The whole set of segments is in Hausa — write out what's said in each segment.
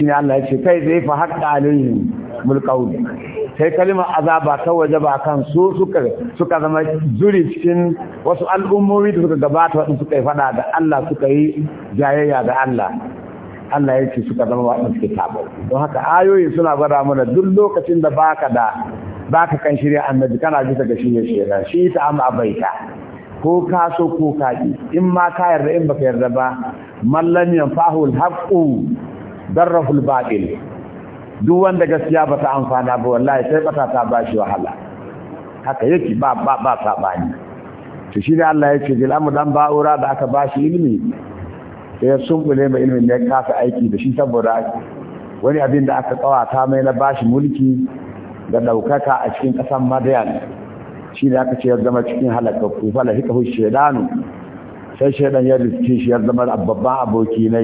ne Allah ya ce kai zai fa haqqa alaihim mulkaud sai kalmar azaba ta waje ba kan su suka suka zama zuri cikin wasu al'ummomi da suka gabata wadanda suka yi fada da Allah suka yi jayayya da Allah Allah ya ce suka zama wadanda suke tabo don haka ayoyin suna gwada mana duk lokacin da baka da baka kan shirya annabi kana bisa ga shirye shirya shi ta amma abaita ko ka so ko ka in ma ka yarda in baka yarda ba mallan yanfa'ul haqqu darrahul batil duk wanda gaskiya bata amfana ba wallahi sai bata ta bashi wahala haka yake ba ba ba sabani to shi ne Allah ya ce bil amr dan ba'ura da aka bashi ilimi sai ya sumbule mai ilimin da ya kasa aiki da shi saboda wani abin da aka ta mai na bashi mulki da daukaka a cikin kasan madiyan shi ne aka ce ya zama cikin halakakku falahikahu shedanu sai shedan ya riske shi ya zama babban aboki ne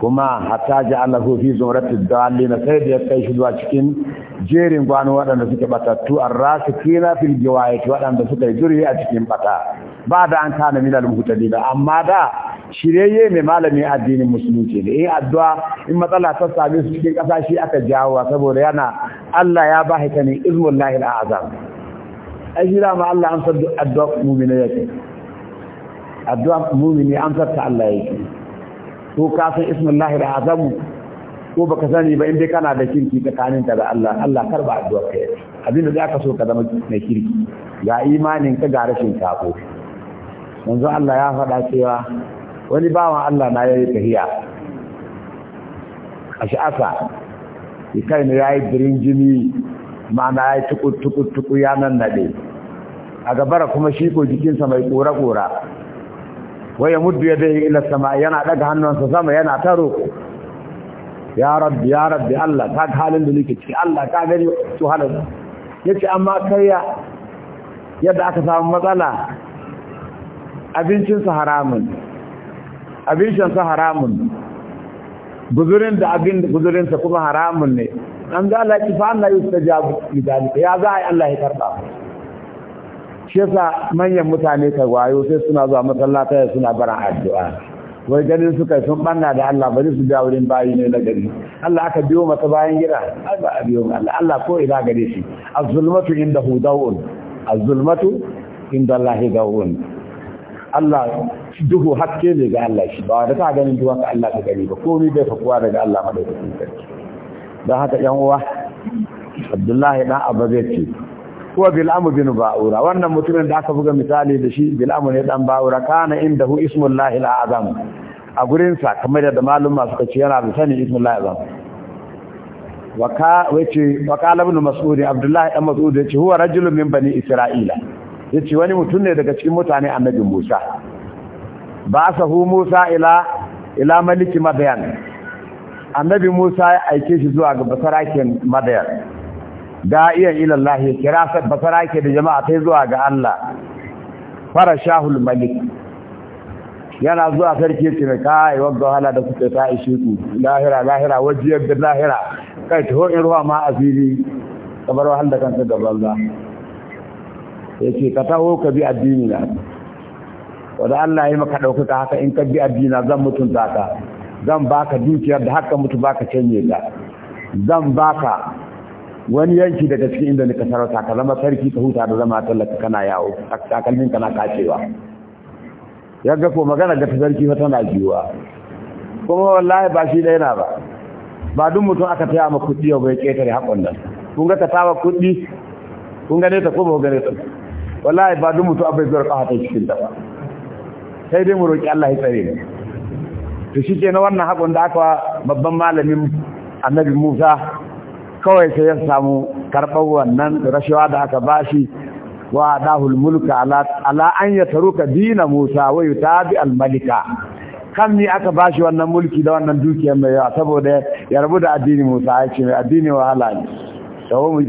kuma hatta ja'alahu fi zumratid na sai da kai shi zuwa cikin jerin gwanu waɗanda suke batattu ar-rasikina fil jawayit waɗanda suke yi a cikin bata ba da an kana minal muhtadin amma da shirye mai malami addinin musulunci ne eh addu'a in matsala ta same su cikin ƙasa shi aka jawo saboda yana Allah ya ba haka ne izmullahi al-azam ajira ma Allah an sabu addu'a mu'mina yake addu'a mu'mini an sadda Allah yake ko ka san ismullahi da azamu ko baka sani ba in dai kana da kirki kanin ta da Allah Allah karba addu'a kai abin da zaka so ka zama mai kirki ga imanin ka ga rashin kafo manzo Allah ya faɗa cewa wani bawan Allah na yayi tahiya a Asa ya kai ne yayi birin jini na yayi tukutukutuku ya nan nade a gabar kuma shi ko jikinsa mai kora kora waya muddu ya dai ila sama yana daga hannunsa sama yana ta ya rabbi ya rabbi Allah ka ga halin da nake ciki Allah ka gani to halin yace amma kariya yadda aka samu matsala abincin sa haramun abincin sa haramun guzurin da abin guzurin sa kuma haramun ne an ga Allah ki fa Allah yustajabu lidalika ya za Allah ya karba shi yasa manyan mutane ka wayo sai suna zuwa masallata suna barin addu'a wai ganin suka sun banna da Allah bari su biya wurin bayi ne na gari Allah aka biyo mata bayan gida ba a biyo Allah Allah ko ila gare shi az-zulmatu hu dawun az-zulmatu inda Allah dawun Allah duhu hakke ne ga Allah shi ba da ka ganin duwan ka Allah ka gari ba ko ni bai fakuwa daga Allah madaukakin sarki don haka yan uwa Abdullahi dan Abba zai ce Kuwa bil'amu bin ba'ura wannan mutumin da aka buga misali da shi bil'amu ne dan ba'ura kana indahu ismullahi al'azam a gurin sa kamar da ma suka ce yana da sani ismullahi al'azam waka wace wakala ibn mas'ud abdullahi dan mas'ud yace huwa rajulun min bani isra'ila yace wani mutum ne daga cikin mutane annabi Musa Ba sa hu Musa ila ila maliki madyan annabi Musa ya aike shi zuwa ga basarakin madyan da'iyan ilallahi kira basara ke da jama'a ta zuwa ga Allah fara shahul malik yana zuwa sarki ce mai kai wanda wahala da suke ta ishe ku lahira lahira wajiyar da lahira kai ta ho'in ruwa ma a fili kamar wahal da kansa da banza ya ce ka taho ka bi addini na wanda Allah ya maka ɗaukaka haka in ka bi addini zan mutunta ka zan baka dukiyar da haka mutu baka canye ka zan baka wani yanki daga cikin inda ka sarauta ka zama sarki ka huta da zama tallaka kana yawo takalmin kana kacewa ya ko magana ga sarki fa tana jiwa kuma wallahi ba shi da yana ba ba duk mutum aka taya ma kuɗi ya bai ketare hakon nan kun ga ta tawa kuɗi kun gane ta ko ba gane ta wallahi ba duk mutum abai zuwa kafa ta cikin ta ba sai dai mu roki Allah ya tsare ni to shi ke na wannan hakon da aka babban malamin annabi Musa kawai sai ya samu karɓar wannan rashawa da aka bashi wa dahul mulka ala an ya taru ka dina musa wa ta al malika kan ni aka bashi wannan mulki da wannan dukiyar mai yawa saboda ya rabu da addini musa ya ce mai addini wahala ne sau mu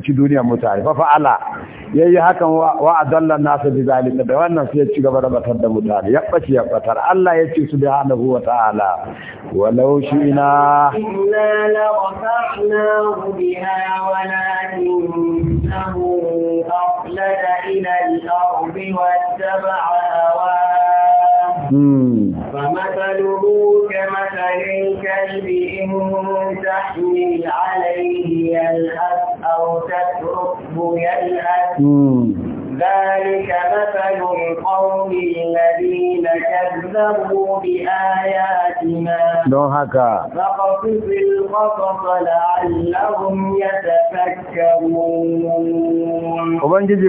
ci Musa mutane fa fa'ala yayi hakan wa adalla nasu bi zalika da wannan sai ya ci gaba da batar da mutane ya ɓace ya batar Allah ya ce subhanahu wa ta'ala walau shi'na inna la rafa'nahu biha walakinnahu aqlada ila al-ardi wattaba'a فمثله كمثل الكلب إن تحمل عليه يلأس أو تتركه يلأس ذلك مثل القوم الذين كذبوا بآياتنا فقصص القصص لعلهم يتفكرون Ubangiji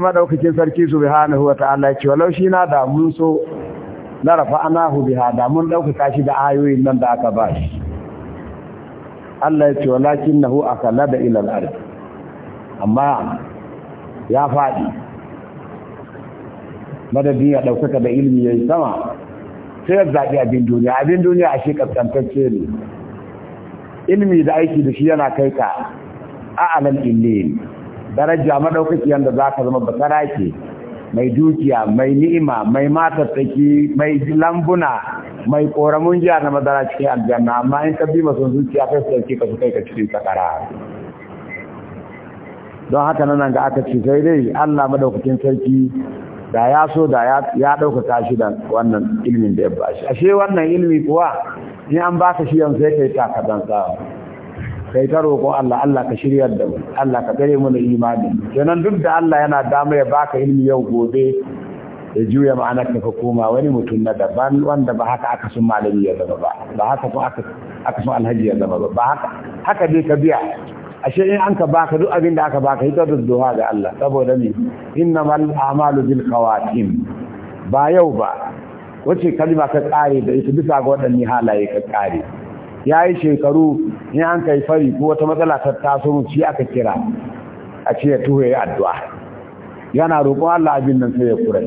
sarki subhanahu wa ta'ala ce walau shi na damun so na rafa'anahu biha da mun ɗaukaka shi da ayoyin nan da aka ba shi Allah ya ce walakinnahu akala da ila al-ard amma ya faɗi madadin ya ɗaukaka da ilmi yayi sama sai ya zaɓi abin duniya abin duniya a shi ƙasƙantacce ne ilmi da aiki da shi yana kai ka a alal ilmi daraja madaukaki yanda za ka zama basara ke mai dukiya mai ni'ima mai matattaki mai lambuna mai koramun jiya na madara cikin aljanna amma in ka bi masu zuciya kai su ka su kai ka cikin sakara don haka nan ga aka ce sai dai Allah madaukakin sarki da ya so da ya ɗaukaka shi da wannan ilimin da ya bashi ashe wannan ilimi kuwa in an baka shi yanzu sai kai takadan sa kai ta roƙo Allah Allah ka shiryar da mu Allah ka kare mana imani kenan duk da Allah yana dama ya baka ilmi yau gobe ya juya ma'anar ka ka koma wani mutum na daban wanda ba haka aka sun malami ya zama ba ba haka ko aka aka sun alhaji ya zama ba ba haka haka dai ka biya ashe in an ka baka duk abin da aka baka ita da duha ga Allah saboda ni innamal a'malu bil khawatim ba yau ba wace kalma ka kare da ita bisa ga waɗannan halaye ka kare ya yi shekaru in an kai fari ko wata matsala ta taso shi aka kira a ce ya tuho ya addu'a yana roƙon Allah abin nan sai ya kura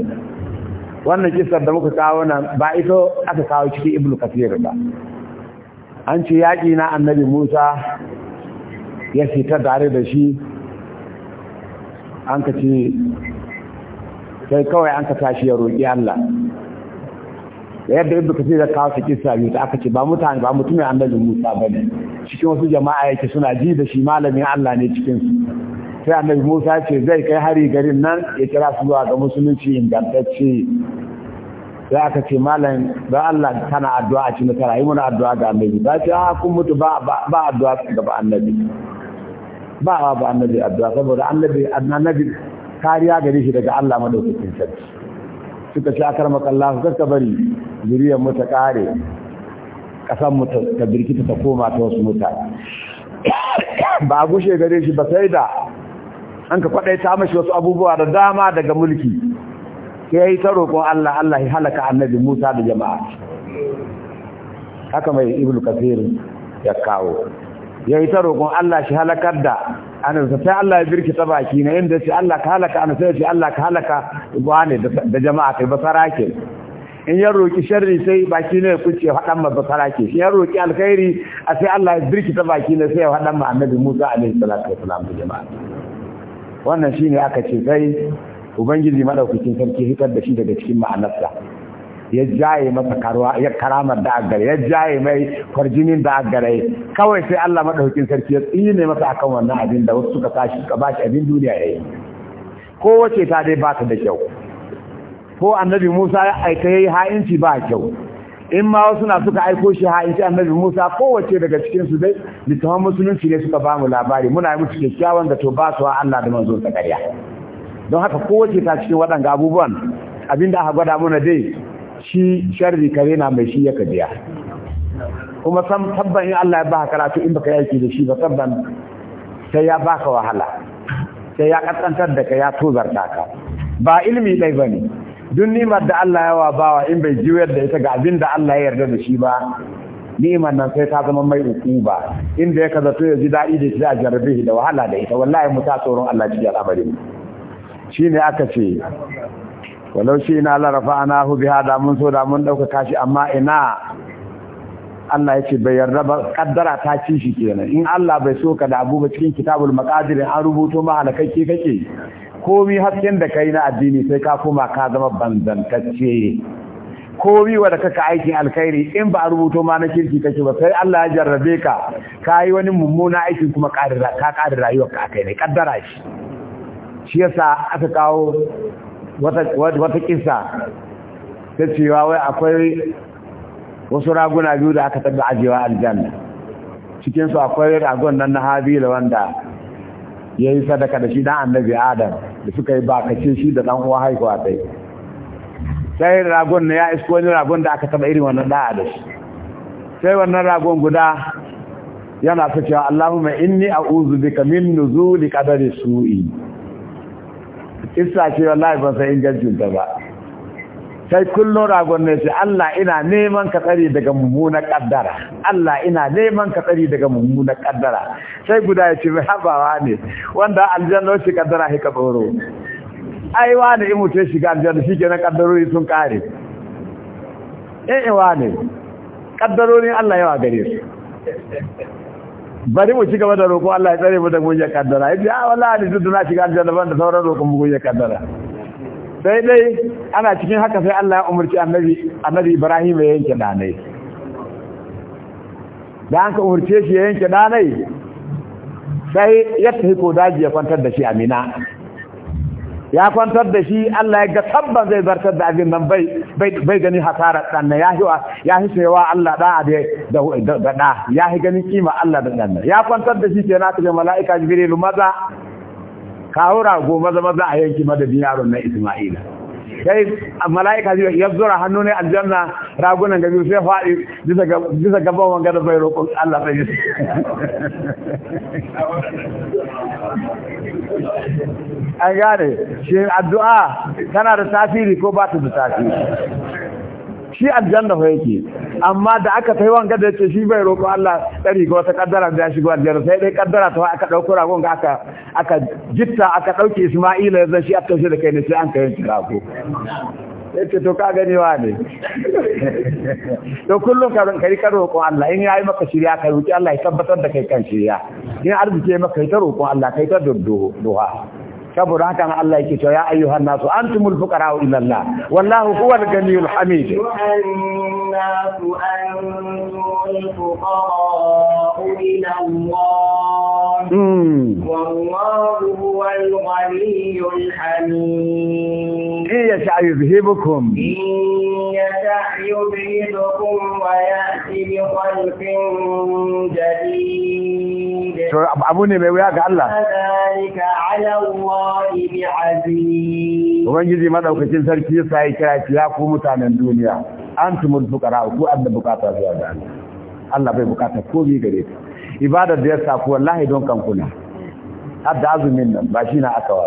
wannan kisar da muka kawo nan ba ito aka kawo ciki ibnu kasir ba an ce yaƙi na annabi musa ya fita tare da shi an ka ce sai kawai an ka tashi ya roƙi Allah da yadda ibnu kasir da kawo su kissa biyu da aka ce ba mutane ba mutumin annabi Musa bane cikin wasu jama'a yake suna ji da shi malamin Allah ne cikin su sai annabi Musa ce zai kai hari garin nan ya kira su zuwa ga musulunci ingantacce sai aka ce malam ba Allah kana addu'a a cikin nasara yi mana addu'a ga annabi ba ce a ah, kun mutu ba ba addu'a ga annabi ba ba annabi addu'a saboda annabi annabi kariya gare shi daga Allah madaukakin sarki suka shakar makalla su suka bari zuriyar mu kare kasan mu ta birkita ta koma ta wasu mutane ba a gushe gare shi ba sai da an ka ta mashi wasu abubuwa da dama daga mulki sai yi ta roƙon Allah Allah ya halaka annabi Musa da jama'a haka mai ibnu kasir ya kawo Ya yi ta roƙon Allah shi halakar da anas sai Allah ya birki ta baki na inda ce Allah ka halaka anas sai ce Allah ka halaka wane da jama'a kai basara ke in ya roki sharri sai baki ne kuce hadan ma basara ke in ya roki alkhairi a sai Allah ya birkita baki na sai hadan ma annabi Musa alaihi salatu wasalam da jama'a wannan shine aka ce sai ubangiji madaukakin sarki hitar da shi daga cikin ma'anarsa ya jaye masa karamar da agare ya jaye mai kwarjinin da agare kawai sai Allah madaukakin sarki ya tsine masa akan wannan abin da wasu suka tashi suka bashi abin duniya yayi ko wace ta dai ba ta da kyau ko annabi Musa ya aika yayi ha'inci ba kyau in ma wasu na suka aiko shi ha'inci annabi Musa kowace daga cikin su dai litawan musulunci ne suka bamu labari muna yi musu kyakkyawan da to ba su Allah da manzon sa don haka kowace ta cikin waɗanga abubuwan abinda aka gwada mana dai shi sharri kare na mai shi ya biya kuma san tabban in Allah ya ba karatu in baka yaki da shi ba tabban sai ya baka wahala sai ya katsantar da ka ya tozarta ka ba ilimi dai ne, duk nimar da Allah ya bawa in bai juyar da ita ga abin da Allah ya yarda da shi ba nimar nan sai ta zama mai uku ukuba inda ya kaza to ya ji daɗi da shi a jarabe da wahala da ita wallahi mu ta tsoron Allah cikin al'amarin shine aka ce walau shi ina larafa ana hu biya da mun so da mun ɗaukaka shi amma ina Allah ya ce bai yarda ba kaddara ta ci shi kenan in Allah bai so ka da abu ba cikin kitabul maƙadirin an rubuto ma halakakke kake komi hasken da kai na addini sai ka koma ka zama banzantacce komi wanda kaka aikin alkhairi in ba a rubuto ma na kirki kake ba sai Allah ya jarrabe ka ka yi wani mummuna aikin kuma ka ƙara rayuwarka akai ne kaddara shi shi yasa aka kawo wata kisa ta cewa wai akwai wasu raguna biyu da aka taɓa ajewa aljanna cikinsu akwai ragon nan na habila wanda ya yi sadaka da shi dan annabi adam da suka yi bakace shi da ɗan uwa haihuwa ɗaya sai ragon na ya isko wani ragon da aka taɓa irin wannan ɗa'a da shi sai wannan ragon guda yana ta cewa Allahumma inni a'udhu bika min nuzuli qadari su'i isa ce wallahi ban san ingancin ta ba sai kullum ragon ne sai Allah ina neman ka tsari daga mummuna kaddara Allah ina neman ka tsari daga mummuna kaddara sai guda ya ce habawa ne wanda aljanna shi kaddara hika tsoro ai wani in mutum shiga aljanna shi kenan kaddarori sun kare eh wani kaddarori Allah yawa gare su bari mu ci gaba da roƙo Allah ya tsare mu da goje kaddara ya a ah, wallahi duk na shiga aljanna ban da sauran roƙon mu goje kaddara sai dai ana cikin haka sai Allah ya umarci annabi annabi Ibrahim ya yanke danai da an ka umarce shi ya yanke danai sai ya tafi ko daji ya kwantar da shi Amina ya kwantar da shi Allah ya ga tabban zai zartar da abin nan bai gani hasarar ɗan wa ya hi cewa Allah da da ɗa ya ganin kima Allah da dan ya kwantar da shi ke na tafi mala'ika jibril maza kawo rago maza maza a yanki madadin yaron na Isma'ila sai mala'ika ya zura hannu ne aljanna ragunan gabi sai faɗi bisa gaban wanga da bai roƙon Allah bai yi an gane shi addu'a tana da tasiri ko ba ta da tasiri shi aljanna fa yake amma da aka kai wanga da yace shi bai roƙo Allah tsari ga wata kaddara da shigo aljanna sai dai kaddara ta aka dauko ragon ga aka aka jitta aka dauke Isma'ila yanzu shi aka shi da kai ne sai an kai shi rago yace to ka gani wa ne to kullum ka kai ka roƙo Allah in yayi maka shirya ka roƙi Allah ya tabbatar da kai kan shirya in arziki maka kai ta roƙo Allah kai ta duha saboda haka na Allah yake to ya ayyuhan nasu antumul fuqara ila Allah wallahu huwal ganiyul hamid إن يشاء يذهبكم إن يشاء يذهبكم ويأتي بخلق جديد أبوني بيوياك الله كذلك على الله الله بعزيز ubangiji madaukakin sarki yasa ya kira ki ya ku mutanen duniya An antumul fuqara ku adda bukata zuwa ga Allah Allah bai bukata ko bi gare ka ibadar da yasa ku wallahi don kan kuna adda azumin nan ba shi na aka wa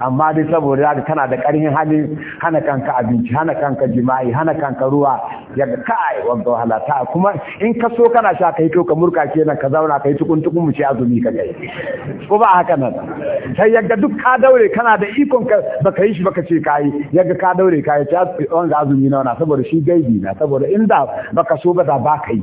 amma dai saboda zaka kana da ƙarfin hali hana kanka abinci hana kanka jima'i hana kanka ruwa ya ga ai wanda wahala kuma in ka so kana sha kai to ka murka kenan ka zauna kai tukun tukun mu ce azumi ka kai ko ba haka nan sai yaga duk ka daure kana da ikon ka baka yi shi baka ce kai yaga ka daure kai ta wanga azumi na wana saboda shi gaibi na saboda inda baka so ba da ba kai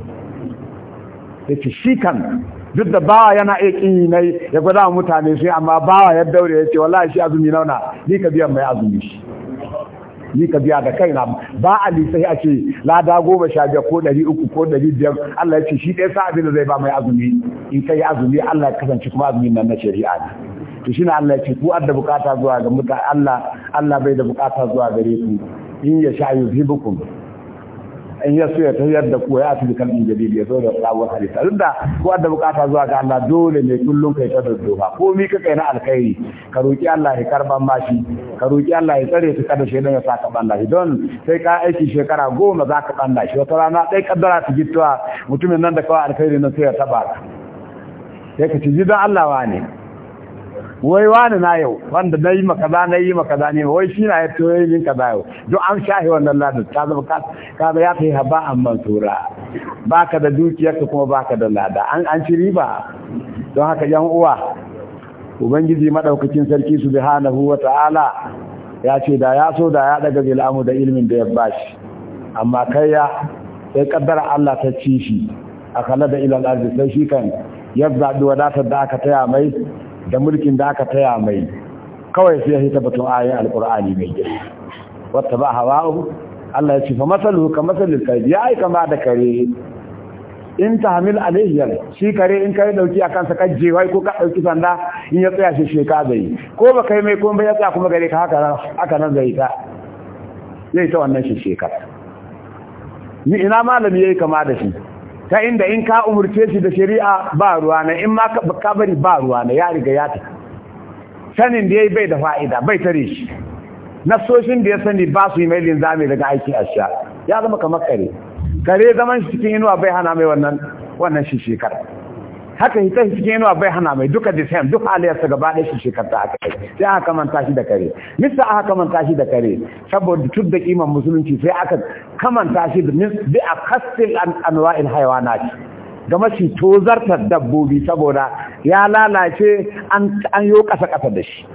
yace shi kan duk da bawa yana iya kin nai ya gwada mutane sai amma bawa ya daure ya ce wallahi shi azumi nauna ni ka biya mai azumi shi ni ka biya da kaina ba a sai a ce lada goma sha biyar ko ɗari uku ko ɗari biyar Allah ya ce shi ɗaya sa abin da zai ba mai azumi in kai azumi Allah ya kasance kuma azumin nan na shari'a ne to shi na Allah ya ce ku adda bukata zuwa ga mutane Allah Allah bai da bukata zuwa gare ku in ya sha yuzhibukum in ya so ya tafiyar da ku ya tafi kan in ya zo da sabon hadisi duk da ko da bukata zuwa ga Allah dole ne kullun kai ta dodowa ko mi ka kai na alkhairi ka roki Allah ya karban mashi ka roki Allah ya tsare ka kada shedan ya saka banda don sai ka aiki shekara goma za ka banda shi wata rana dai kaddara ta gittuwa mutumin nan da kawai alkhairi na sai ya tabar sai ka ci jidan Allah wa ne wai wani na yau wanda na yi makaza na yi makaza ne wai shi na ya toye yin kaza yau don an shahi wannan ladin ta zama kaza ya fi haba an mansura ka da dukiyarka kuma ba ka da lada an an ci riba don haka yan uwa ubangiji madaukakin sarki huwa ta'ala ya ce da ya so da ya daga zilamu da ilimin da ya ba shi amma kai ya sai kaddara Allah ta ci shi a kala da ilal arzi sai shi kan yadda zaɓi wadatar da aka taya mai da mulkin da aka taya mai kawai sai ya hita batun ayin alkur'ani mai girma wata ba hawa uku, Allah ya ce fa masalu ka masalil kare ya aika ma da kare in ta hamil alayyar shi kare in kare dauki a kansa kan jewai ko ka dauki sanda in ya tsaya shi sheka zai ko ba kai mai kuma ya tsaya kuma gare ka haka haka nan zai ta zai ta wannan shi shekar ni ina malami yayi kama da shi ta inda in ka umurce shi da shari'a ba ruwa na in ma ka bari ba ruwa na ya riga ya ta sanin da yayi bai da fa'ida bai tare shi nasoshin da ya sani ba su yi mai linzami daga aiki a sha ya zama kamar kare kare zaman shi cikin inuwa bai hana mai wannan wannan shi shekara haka hita cikin yanuwa bai hana mai duka the same duk aliyarsa gaba ɗaya shi shekarta aka kai sai aka kamanta shi da kare nisa aka kamanta shi da kare saboda tun da kiman musulunci sai aka kamanta shi da bi a kastil haiwana hayawanat ga mashi tozartar dabbobi saboda ya lalace an yo kasa kasa da shi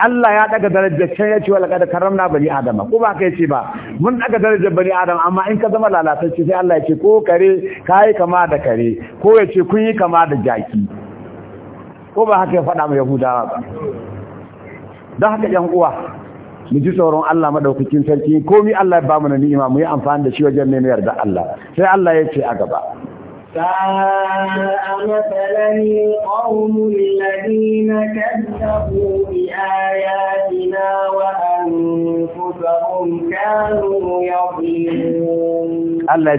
Allah ya daga darajar can ya ce wala kada karamna bani adama ko ba kai ce ba mun daga darajar bani adam amma in ka zama lalatacce sai Allah ya ce ko kare kai kama da kare ko ya ce kun yi kama da jaki ko ba haka ya faɗa mu yahudawa ba da haka yan uwa mu ji tsoron Allah madaukakin sarki komai Allah ya ba mu ni'ima mu yi amfani da shi wajen neman yarda Allah sai Allah ya ce a gaba Allah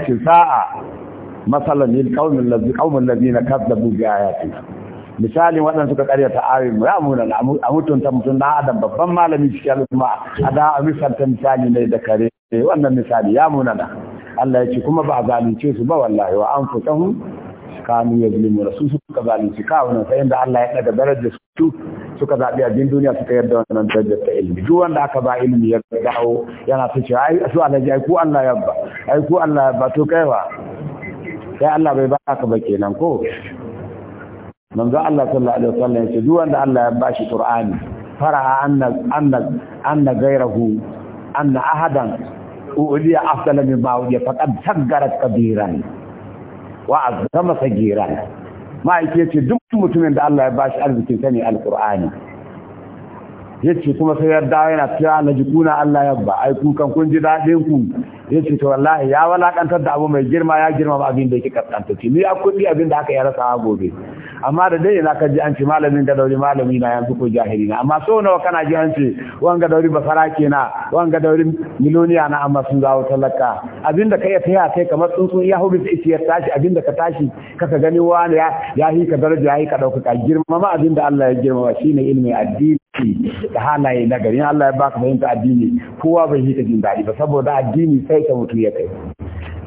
ce sa’a, matsala ne ƙaunin labina na bi ayatina. Misali waɗanda suka ƙaryata ayin ya muna a mutunta mutum na adam babban malami cikin al’umma a da a ta misali ne da kare, wannan misali ya muna da. Allah ya ce kuma ba a zalunce su ba wallahi wa an futahu kanu ya zulimu rasu suka zalunci wannan sai inda Allah ya ɗaga darajar su suka zaɓi abin duniya suka yarda wannan darajar ta ilimi duk wanda aka ba ilimi ya dawo yana ta cewa ai su Allah ya ku Allah ya ba ai ku Allah ba to kai ba sai Allah bai baka ba kenan ko manzo Allah sallallahu alaihi wasallam ce duk wanda Allah ya shi Qur'ani fara anna anna anna gairahu anna ahadan uliya afdala min ma uliya faqad saggarat kabiran wa azama sagiran ma yake ce duk mutumin da Allah ya bashi arzikin sa ne alqur'ani yace kuma sai ya dawo yana cewa na jikuna Allah yabba, ba ai kun kan kun ji dadin ku ya ce to wallahi ya walakantar da abu mai girma ya girma ba abin da yake kaskanta ki ni a kuɗi abin da aka yi rasa gobe amma da dai na kaji an ce malamin ga dauri malami na yanzu ko jahili na amma so nawa kana ji an ce ga dauri basara kenan wanga dauri miloniya na amma sun zawo talaka abin da kai taya kai kamar tsuntsun ya hubi sai ya tashi abin da ka tashi kaka gani wani ya ya yi ka daraja ya yi ka dauka girma ma abin da Allah ya girma shine ilmi addini da halaye na gari Allah ya baka fahimta addini kowa bai yi ta jin daɗi ba saboda addini sai kai mutu ya kai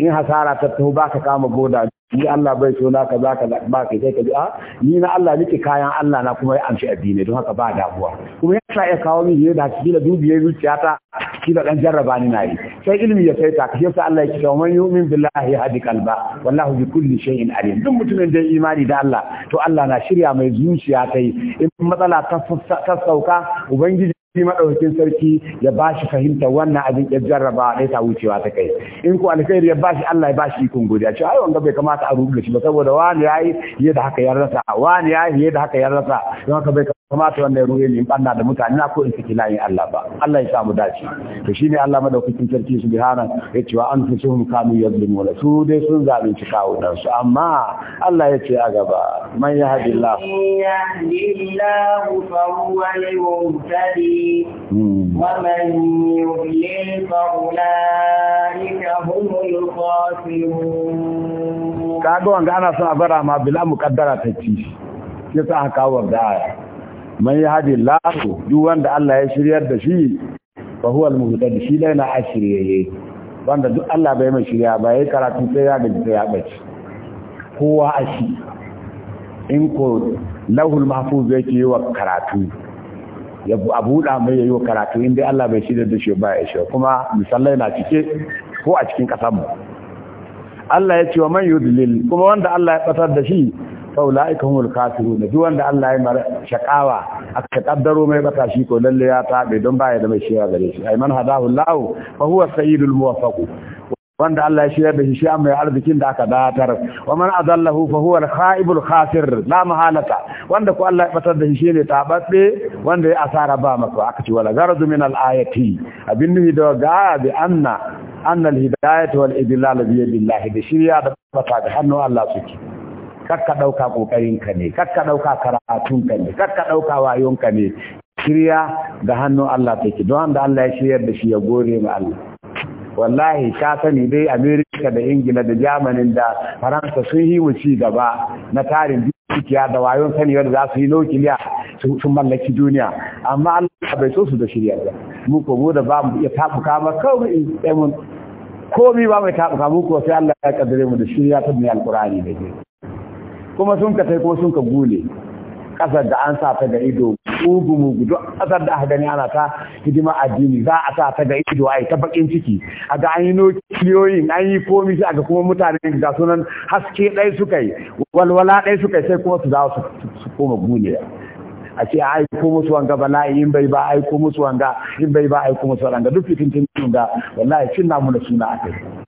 in hasara ta tuhu ba ka kama goda ni Allah bai so naka za ka ba ka sai ka ji a ah, ni na Allah nake kayan Allah na kuma ya amshi addini don haka ba damuwa kuma yasa ya kawo min yi da kila dubiyar zuciyata kila dan jarraba ni nayi sai ilimi ya sai ta kashe Allah ya ce man yu'min billahi hadi qalba wallahu bi kulli shay'in alim duk mutumin da imani da Allah to Allah na shirya mai zuciya ta yi in matsala ta sauka ubangiji shi maɗaukin sarki ya ba shi fahimta wannan abin ya jarraba dai ta wucewa ta kai in ko alkhairi ya bashi Allah ya bashi ikon godiya ce ai wanda bai kamata a rubuta shi ba saboda wani yayi da haka ya rasa wani yayi da haka ya rasa don haka bai kamata wanda ya ruwe yin banna da mutane na ko in saki layin Allah ba Allah ya samu dace to shine Allah madaukakin sarki subhana ya ce wa anfusuhum kanu yadlimuna su dai sun zalunci kawo dan su amma Allah ya ce a gaba man yahdillah yahdillahu fa huwa al wa man yudlil fa ulaika humul khasirun kaga wanga ana son a bara ma bila muqaddara ta ci sa aka kawo da man yahdi lahu duk wanda Allah ya shiryar da shi fa huwa al-muhtadi shi la yana ashiriyaye wanda duk Allah bai mai shirya ba yayi karatu sai ya gaji sai ya bace kowa ashi in ko lahul mahfuz yake yi wa karatu ya buɗa mai yayi wa karatu inda Allah bai shirya da shi ba ya shi kuma misalai na cike ko a cikin kasar mu Allah ya ce wa man yudlil kuma wanda Allah ya batar da shi faula'ika kafiru kafirun duk wanda Allah ya mara shakawa aka kaddaro mai bata shi ko lalle ya tabe don baya da mai shiya gare shi ay man hadahu Allah fa huwa sayyidul muwaffaq wanda Allah ya shirya da shi shi mai arzikin da aka datar wa man adallahu fa huwa al-kha'ibul khasir la mahalata wanda ko Allah ya batar da shi ta tababbe wanda ya asara ba maka aka ci wala garadu min al-ayati abin nuhi da ga bi anna anna al-hidayatu wal idlal bi Allah da shirya da bata da hannu Allah suke kakka ɗauka ƙoƙarinka ne kakka ɗauka karatunka ne kakka ɗauka wayonka ne shirya ga hannun Allah take don da Allah ya shiryar da shi ya gore ma Allah wallahi ka sani dai Amerika da Ingila da Germany da Faransa sun yi wuci gaba na tarin dukiya da wayon sani wanda za su yi nukiliya sun mallaki duniya amma Allah bai so su da shirya ba mu ko mu da ba mu iya tafuka ba kawai mun komi ba mai tafuka mu ko sai Allah ya kaddare mu da shirya ta mai alkurani da ke kuma sun ka tai kuma sun ka gule kasar da an sa ta ga ido ugu mugu duk kasar da aka gani ana ta hidima addini za a sa ta ga ido ai ta bakin ciki a ga an yi nokiliyoyi an yi komi sai ga kuma mutane da sunan haske ɗai suka yi walwala ɗai suka yi sai kuma su dawo su koma gule a ce a aiko musu wanga bala'i in bai ba aiko musu wanga in bai ba aiko musu wanga duk fitintun da wallahi cin namu da suna a kai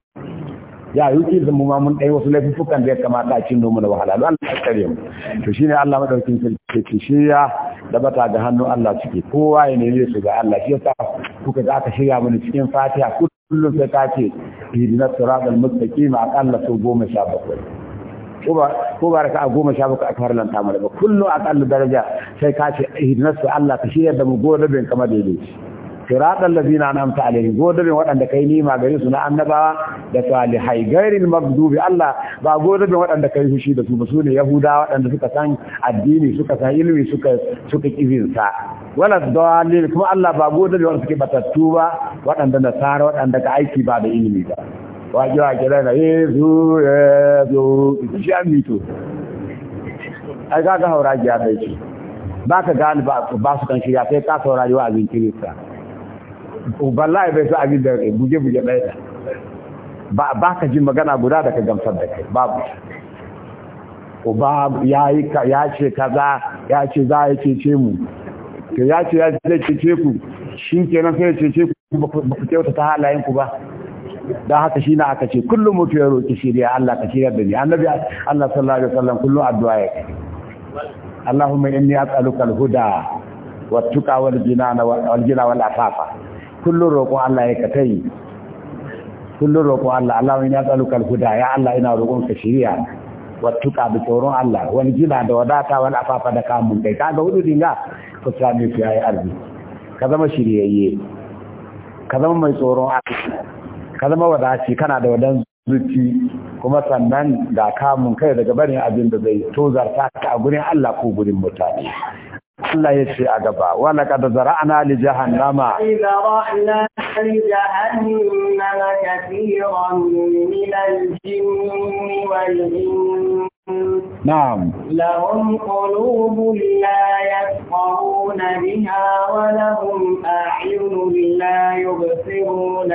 ya yi ki mu ma mun ɗaya wasu laifukan da ya kamata a cin nomu da wahala Allah ya kare mu to shine Allah madaukakin sarki shi ya dabata ga hannun Allah cike kowa ya ne su ga Allah shi yasa kuka ga aka shirya mana cikin Fatiha kullum sai ka ce hidinat siratal mustaqim aqalla su goma sha bakwai ko ba raka a goma sha bakwai aka ta mana ba kullum aqalla daraja sai ka ce hidinat su Allah ka shirya da mu gobe bin kama daidai siratal ladina an'amta alaihim godabe waɗanda kai nima gare su na annabawa da salihai gairil maghdubi Allah ba godabe waɗanda kai hushi da su ba su ne yahuda waɗanda suka san addini suka san ilimi suka suka kizin sa wala dalil kuma Allah ba godabe wadanda suke batattu ba waɗanda nasara waɗanda ka aiki ba da ilimi ba waje wa kira na yesu yesu shi to ai ga ga haura ji a ba ka gani ba su kan shirya sai ka saurari wa abin kirista wallahi bai sa abin da buge buge ɗaya ba ba ka ji magana guda da ka gamsar da kai babu ba ya yi ya ce kaza ya ce za ya ce mu to ya ce ya ce ce ku shi kenan sai ya ce ku ba ku kyauta ta halayen ku ba Dan haka shi na aka ce kullum mutu ya shi da Allah ka shirya da ni annabi Allah sallallahu alaihi wasallam kullum addu'a ya kai Allahumma inni as'aluka al-huda wa tuqa wal-jinana wal-jina wal-afafa kullun roƙon Allah ya ka tayi kullun roƙon Allah Allah ya tsalukal huda ya Allah ina roƙon ka shiriya tuka bi tsoron Allah wani jina da wadata wani afafa da kamun kai kaga hudu dinga ku sami fi ayi arzi. ka zama shiryayye ka zama mai tsoron Allah ka zama wadaci kana da wadan zuci kuma sannan ga kamun kai daga barin abin da zai tozarta ka a gurin Allah ko gurin mutane Allah ya ce a gaba wa da zara'na li jahannama zara'na li jahannama katiran min al-jinni wal نعم لهم قلوب لا يفقهون بها ولهم أعين لا يبصرون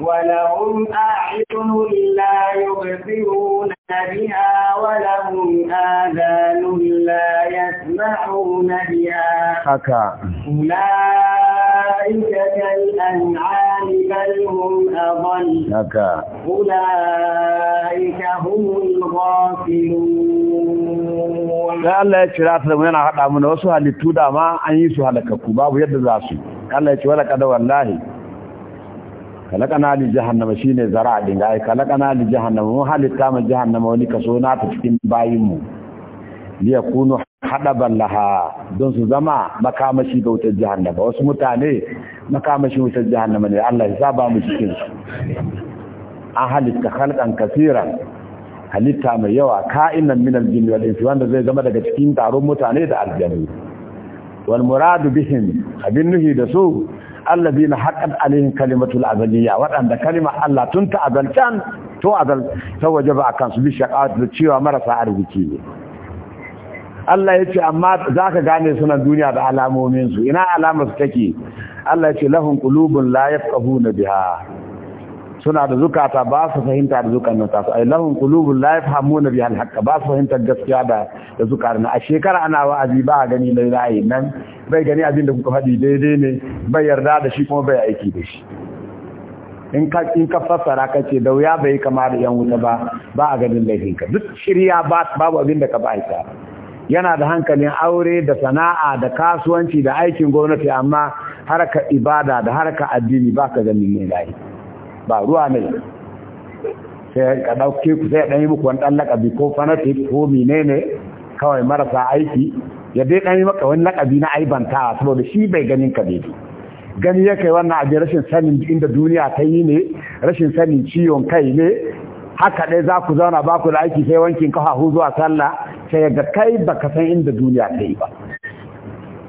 ولهم أعين لا يبصرون بها ولهم آذان لا يسمعون بها أولئك كالأنعام بل هم أضل أولئك هم الغافلون Allah ya kira ta da yana haɗa da wasu halittu da ma an yi su halakakku babu yadda za su Allah ya ce wala kada wallahi kalakana li jahannama shine zara din ga kalakana li jahannama mun halitta ma jahannama wani kaso na ta cikin bayin mu li yakunu hadaban laha don su zama makamashi ga wutar jahannama wasu mutane makamashi wutar jahannama ne Allah ya saba mu cikin su an halitta khalqan kaseeran halitta mai yawa ka'inan minal jinn wal insi wanda zai zama daga cikin taron mutane da aljannu wal muradu bihim abin nuhi da su na haqqat alihin kalimatul azaliyya Waɗanda kalimar Allah tun ta azalcan to azal waje ba akan su bi shaqat da cewa marasa arziki ne Allah yace amma zaka gane suna duniya da alamomin su ina alamar su take Allah yace lahum qulubun la yafqahuna biha suna da zukata ba su fahimta da nan tasu ai lahum qulubul la yafhamuna bihal ba su fahimta gaskiya da da a shekara ana wa'azi ba gani da ra'ayi nan bai gani abin da kuka faɗi daidai ne bai yarda da shi kuma bai aiki da shi in ka in ka fassara ka ce da wuya bai kama da yan wuta ba ba a ganin laifin ka duk shirya ba babu abin da ka ba aika yana da hankalin aure da sana'a da kasuwanci da aikin gwamnati amma harka ibada da harka addini ba ka ganin laifin ba ruwa ne sai ka dauke ku sai dan yi muku wani dan lakabi ko fanatic ko menene kawai marasa aiki ya dai dan yi maka wani lakabi na aibanta saboda shi bai ganin ka dai gani ya kai wannan abin rashin sanin inda duniya ta yi ne rashin sanin ciwon kai ne haka dai za ku zauna ba ku da aiki sai wankin kafa hu zuwa sallah sai ga kai baka san inda duniya ta yi ba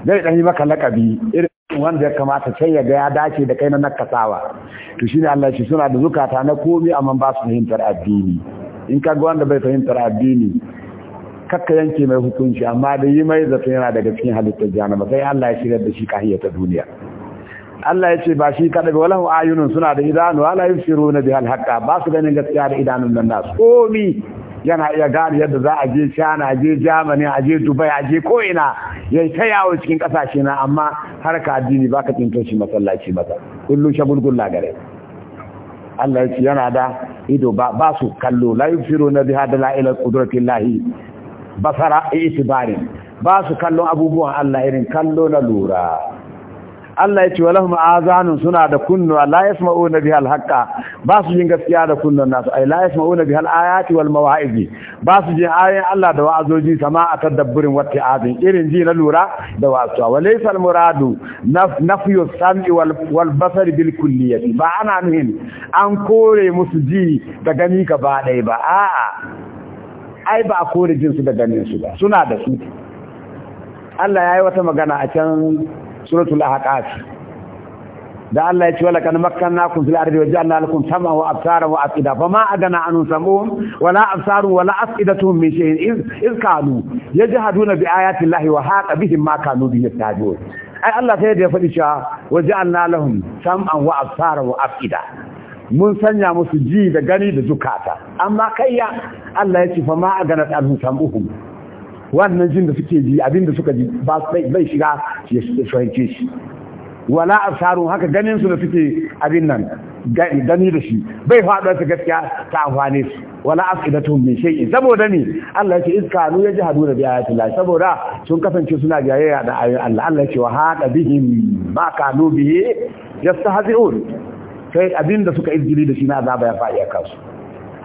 zai dan yi maka lakabi irin wanda ya kamata sai ya ga dace da kai na nakasawa to shine Allah shi suna da zukata na komi amma ba su fahimtar addini in ka ga wanda bai fahimtar addini kakka yanke mai hukunci amma da yi mai zato yana daga cikin halittar jahannama sai Allah ya shigar da shi kahiya ta duniya Allah ya ce ba shi kada ga walahu ayunun suna da idanu wala yusiruna bihal haqa ba su ganin gaskiya da idanun nan nasu komi yana iya gane yadda za a je China a je Germany a je Dubai a je koina ina ya ta yawo cikin kasashe na amma harka addini baka tinto shi masallaci mata kullu shabulgulla lagare Allah yace yana da ido ba su kallo la na bi da la'ilar ila lahi basara itibari ba su kallon abubuwan Allah irin kallo na lura Allah ya ce lahum azanun suna da kunnuwa la yasma'una biha alhaqa ba su jin gaskiya da kunnuwan nasu ay la yasma'una biha al-ayati wal mawa'izi ba su jin ayoyin Allah da wa'azoji sama a tadabburin wa ta'adin irin ji na lura da wa laysa al muradu nafyu sam'i wal basar bil kulliyati ba ana nuhin an kore musu ji da gani gaba ɗaya ba a'a ai ba a kore jinsu da ganin su ba suna da su Allah ya yi wata magana a can suratul ahqaf da Allah ya ce wala kan makkannakum fil ardi waj'alna lakum sam'a wa absara wa afida fama adana an sam'um wala absaru wala afidatuhum min shay'in iz iz kanu yajhaduna bi ayati llahi wa haqa bihim ma kanu bihi yastajun ai Allah sai da ya faɗi cewa waj'alna lahum sam'an wa absara wa afida mun sanya musu ji da gani da zukata amma kayya Allah ya ce fama adana an sam'uhum wannan jin da suke ji abin da suka ji ba bai shiga ya fahimce shi wala absarun haka ganin su da suke abin nan gani da shi bai faɗuwa su gaskiya ta amfane su wala afidatu min shay'in saboda ne Allah yake iskanu ya ji hadu da ayati Allah saboda sun kasance suna jayayya da ayoyin Allah Allah yake wa haqa bihim ma kanu bihi yastahzi'un sai abinda suka izgili da shi na azaba ya faɗi a kasu.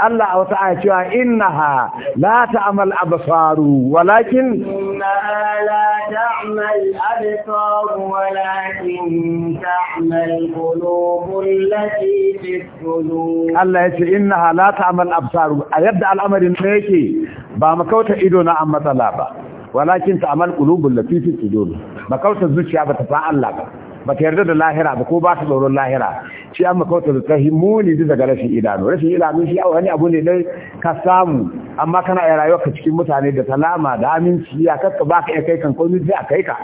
الله تعالى شوها إنها لا تعمل أبصار ولكن إنها لا تعمل أبصار ولكن تعمل قلوب التي في الصدور الله يسي إنها لا تعمل أبصار يبدأ الأمر الميكي بامكوت إدونا أما طلابا ولكن تعمل قلوب التي في الصدور بكوت الزوشي أبتفاع الله ba ta yarda da lahira ba ko ba ta tsoron lahira shi an makauta da tsahi muni duk daga rashin idanu rashin idanu shi a wani abu ne dai ka samu amma kana iya rayuwa ka cikin mutane da salama da aminci ya kakka ba ka iya kai kan komai zai a kai ka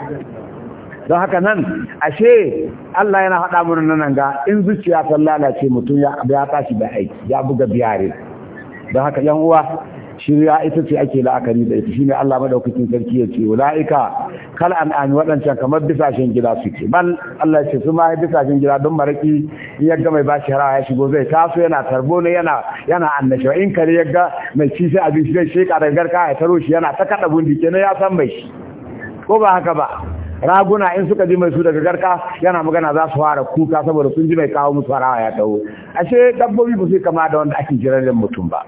don haka nan ashe Allah yana haɗa mana nan ga in zuciya ta lalace mutum ya ya tashi da aiki ya buga biyare don haka yan uwa shirya ita ce ake la'akari da ita ne Allah madaukakin sarki ya ce ulaika kal an'am wadancan kamar bisashen gida suke bal Allah ya ce su ma bisashen gida don maraki in yaga mai bashi harawa ya shigo zai taso yana tarbo ne yana yana annashi in kare yaga mai ci sai abin shi zai sheka da garka ya taro shi yana ta kada bundi kenan ya san mai shi ko ba haka ba raguna in suka ji mai su daga garka yana magana za su fara kuka saboda sun ji mai kawo musu harawa ya taho ashe dabbobi ba su kama da wanda ake jiran mutum ba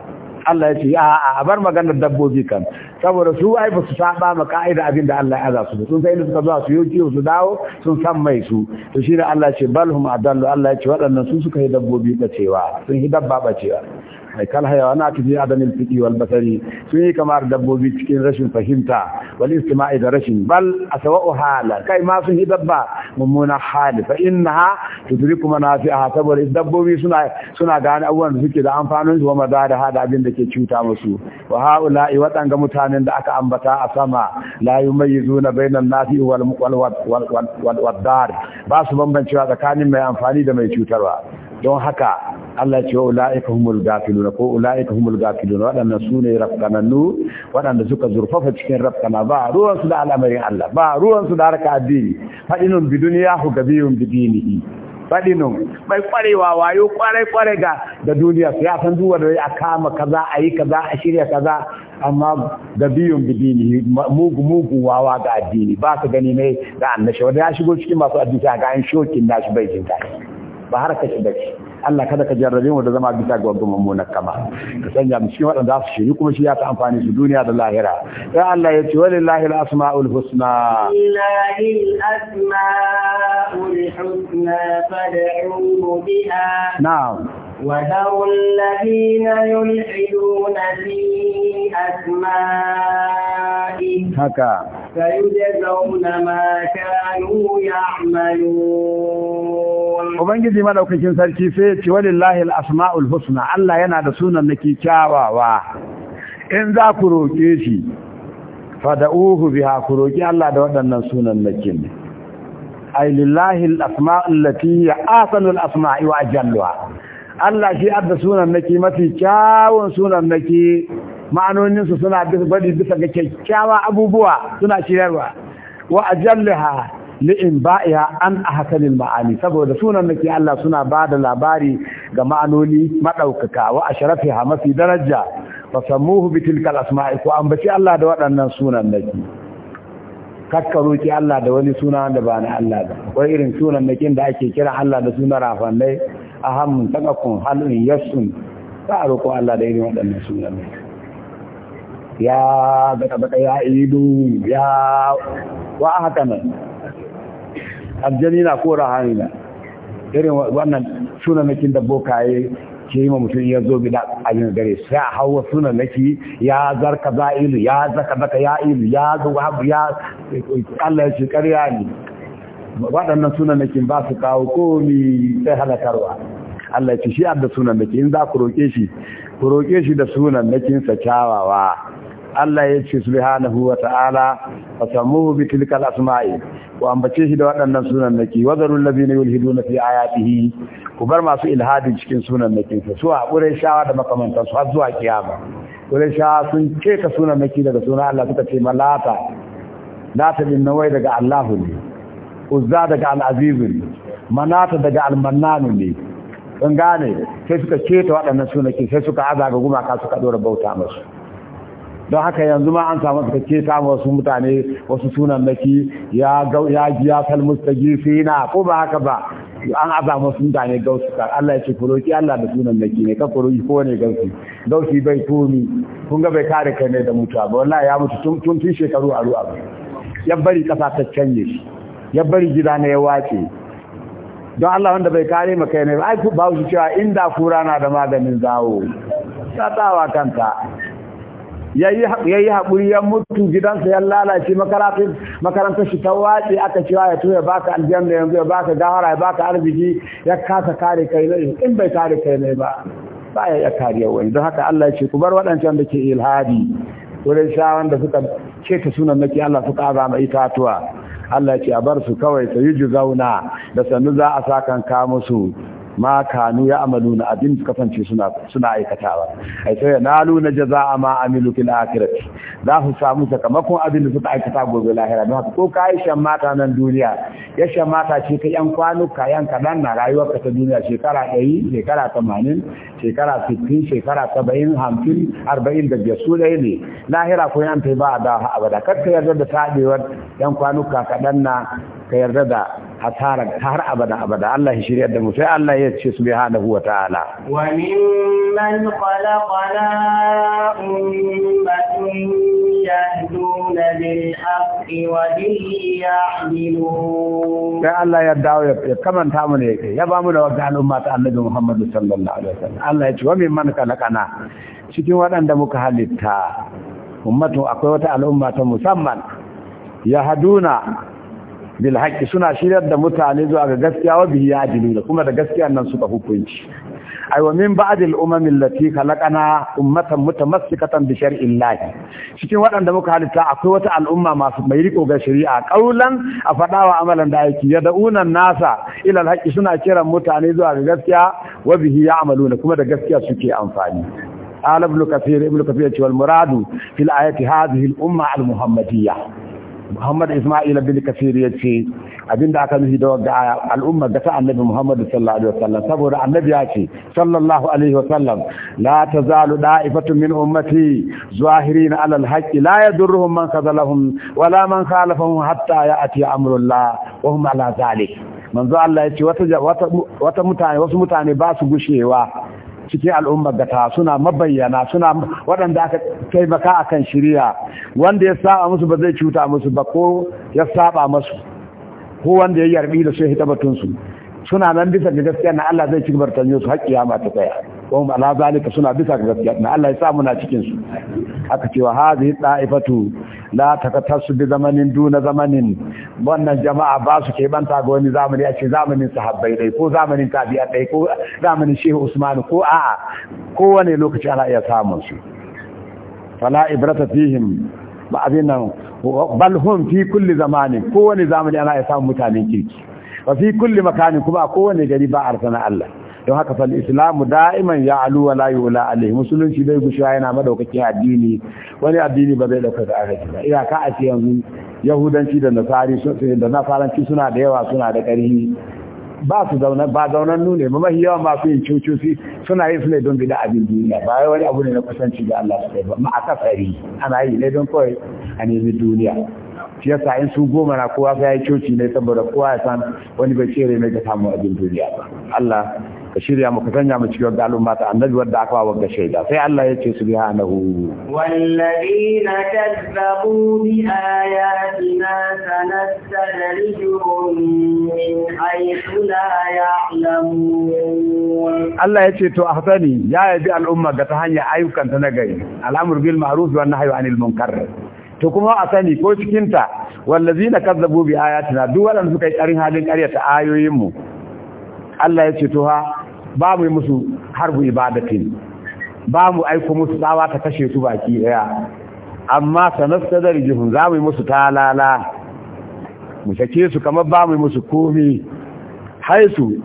Allah ya ce a a bar maganar dabbobi kan saboda su ai ba su saba ma ka'ida abin da Allah ya aza su sun sai suka zuwa su yoki su dawo sun san mai su to shine Allah ya ce balhum adallu Allah ya ce waɗannan su suka yi dabbobi bacewa sun yi dabba bacewa haikal hayawa na kafi adamin fiƙi wal basari sun yi kamar dabbobi cikin rashin fahimta wal istima'i da rashin bal a hala kai ma sun yi dabba mummunan hali fa innaha tudriku manafi'aha saboda dabbobi suna suna gane abubuwan da suke da amfanin su wa madada hada abin da ke cuta musu wa haula'i waɗanga mutanen da aka ambata a sama la yumayyizuna bainan nan wal wal wal dar ba su bambancewa tsakanin mai amfani da mai cutarwa don haka Allah ce wa ula'ika humul gafiluna ko ula'ika humul gafiluna waɗannan su ne rafkanannu waɗanda suka zurfafa cikin rafkana ba ruwan su da al'amarin Allah ba ruwan su da harka addini fadinun bi duniya hu gabiyun bi dinihi fadinun bai kwarewa wayo kware kware ga da duniya sai ya san duwa da a kama kaza a yi kaza a shirya kaza amma gabiyun bi dinihi mugu mugu wawa ga addini ba ka gani mai da annashi wanda ya shigo cikin masu addini ga an shokin nashi bai jin ba harka shi da shi Allah kada ka jarrabe mu da zama bisa ga wannan mummunan kama ka sanya mu cikin waɗanda su shiri kuma shi ya ta amfani su duniya da lahira ya Allah ya ce walillahi al-asmaul husna lillahi al husna fad'u biha na'am وذروا الذين يلحدون في أسمائه هكا سيجزون ما كانوا يعملون Ubangiji madaukakin sarki sai ce wa Lillahi asmaul husna Allah yana da sunan nake kyawawa in za ku roƙe shi fada'uhu biya, ku roƙi Allah da waɗannan sunan nake ne ay lillahi al-asma'u allati hiya ahsanu al-asma'i wa ajalluha Allah shi adda sunan naki mafi kyawun sunan naki ma'anoninsu suna bari bisa ga kyakkyawa abubuwa suna shirarwa wa ajalliha li'in ba'iya an ahsanil ma'ani saboda sunan nake Allah suna ba da labari ga ma'anoni maɗaukaka. wa ha mafi daraja ba samuhu bi tilkal asma'i ko baci Allah da waɗannan sunan nake kakkaro ki Allah da wani suna da ba na Allah ba wai irin sunan nake da ake kira Allah da sunan rafannai ahamun takakun halin yassun ta a roƙo Allah da irin waɗannan sunan ya baka baka ya idu ya wa haka nan aljanina ko rahanina irin wannan sunanakin da bokaye ke yi ma mutum ya zo gida a yin gare sai a hawa sunanaki ya zarka za'ilu ya zaka baka ya ilu ya zuwa ya kalla ya ce ne waɗannan sunan ke ba su kawo komi sai halakarwa Allah ce shi da sunan ke in za ku roƙe shi ku roƙe shi da sunan nakin sa kyawawa Allah ya ce subhanahu wa ta'ala fasamuhu bi tilkal asma'i ku ambace shi da waɗannan sunan nake wazarul ladina yulhiduna fi ayatihi ku bar masu ilhadi cikin sunan da ke su haƙure shawa da makamantar su har zuwa kiyama ƙure shawa sun ka sunan ke daga sunan Allah suka ce malata lata bin nawai daga Allahu ne uzza daga al'azizu ne manata daga almannanu ne in gane sai suka keta waɗannan sunaki sai suka aza ga gumaka suka ɗora bauta masu don haka yanzu ma an samu suka keta wasu mutane wasu sunan naki ya ya salmus ta na, ko ba haka ba an aza masu mutane gausu ka Allah ya ce kuroki Allah da sunan naki ne ka kuroki ko ne Gausu. Gausu bai tuni kun ga bai kare kai ne da mutuwa ba wallahi ya mutu tun tun shekaru ruwa ba, ya bari kasa ta canje shi ya bari gida na ya wace don Allah wanda bai kare maka ne ai ku bawo cewa inda kura na da maganin zawo tsatawa kanta, yayi yayi hakuri ya mutu gidansa ya lalace makarantar makarantar shi ta wace aka cewa ya tuya baka aljanna yanzu ya baka gahara ya baka arziki ya kasa kare kai ne in bai kare kai ne ba ba ya kariya wani don haka Allah ya ce ku bar waɗancan da ke ilhadi wurin sha wanda suka ce ta sunan nake Allah suka azama itatuwa Allah ce a bar su kawai su yi juzauna da sannu za a kan ka musu ma kanu ya amalu na abin kasance suna suna aikatawa ai sai nalu na jaza'a ma amilu fil akhirati za su samu sakamakon abin da suka aikata gobe lahira don haka ko kai shan mata nan duniya ya shan mata ce ta yan kwanuka yan kaɗan na rayuwar ka ta duniya shekara 100 shekara 80 shekara sittin, shekara 70 hamsin, 40 da biyar su dai ne lahira ko yan ta ba da abada kar ka yarda da tabewar yan kwanuka kaɗan na ka yarda da hasarar ta har abada abada Allah ya shirya da mu sai Allah ya ce subhanahu wa ta'ala wa mimman khalaqana ummatun yahduna bil haqqi wa bihi ya'dilun sai Allah ya dawo ya kamanta mu ne ya ba mu da wata al'umma ta Annabi Muhammad sallallahu alaihi wasallam Allah ya ce wa mimman khalaqana cikin waɗanda muka halitta Ummatu akwai wata al'umma ta musamman yahduna bil haqqi suna shiryar da mutane zuwa ga gaskiya wa bihi da kuma da gaskiya nan suka hukunci ai wa min ba'dil umam allati khalaqana ummatan mutamassikatan bi shar'i llah cikin waɗanda muka halitta akwai wata al'umma masu mai riko ga shari'a qaulan a wa amalan da yake yad'una nasa ila al haqqi suna kiran mutane zuwa ga gaskiya wa bihi ya'maluna kuma da gaskiya suke amfani قال ابن كثير ابن كثير والمراد في الآية هذه الأمة المحمدية Muhammad Ismail bin Kasir ya ce abinda aka nufi da wadda al'ummar da ta annabi Muhammad sallallahu alaihi wasallam saboda annabi ya ce sallallahu alaihi wasallam la tazalu da'ifatun min ummati zahirin ala al-haqqi la yadurruhum man khazalahum wala man khalafahum hatta ya'ti amrullah wa hum ala zalik manzo Allah ya ce wata wata mutane wasu mutane ba su gushewa cikin al'ummar da ta suna mabayyana suna waɗanda aka taimaka kan shirya wanda ya saba musu ba zai cuta musu ba ko ya saba masu, ko wanda ya yarbi da su ya hita batunsu suna nan bisa da gaskiya na Allah zai ci gabar tanyo su haƙƙiya ma ta tsaya wa ala zalika suna bisa ga gaskiya na Allah ya sa muna cikin su aka cewa hazi da'ifatu la takatasu bi zamanin duna zamanin wannan jama'a ba su ke banta ga wani zamani a ce zamanin sahabbai dai ko zamanin tabi'a dai ko zamanin shehu usman ko a'a kowane lokaci ana iya samun su fala ibrata fihim ba abin nan bal hum fi kulli zamanin kowane zamani ana iya samun mutanen kirki wa fi kulli makanin kuma a kowane gari ba arsana Allah don haka fal islamu da'iman ya alu wa la yula alai musulunci bai gushuwa yana madaukakin addini wani addini ba zai dauka da arziki ba ina ka a ce yanzu yahudanci da nasari da nasaranci suna da yawa suna da ƙarfi ba su zauna ba zaunan nune ba mafi yawan masu yin cucusi suna yin su ne don bida abin duniya ba wani abu ne na kusanci ga Allah su ba ma aka fari ana yi ne don kawai a nemi duniya shi yasa in su goma na kowa sai ya yi coci ne saboda kowa ya san wani bai cere mai ga samu abin duniya ba Allah ka shirya mu ka sanya mu cikin wadda al'umma ta annabi wadda aka wa ga shaida sai Allah ya ce subhanahu walladina kazzabu bi ayatina sanastadrijuhum min haythu la ya'lamun Allah ya ce to ahsani ya yabi al'umma ga ta hanyar ayyukan ta nagari al'amru bil ma'ruf wa nahyu anil munkar to kuma a sani ko cikinta wallazina kazzabu bi ayatina duk waɗanda suka yi ƙarin halin ƙaryata ayoyinmu Allah ya ce to ha ba mu yi musu harbu ibadatin ba mu aiko musu tsawa ta kashe su baki daya amma da jihun za mu yi musu talala mu shake su kamar ba mu yi musu komi haisu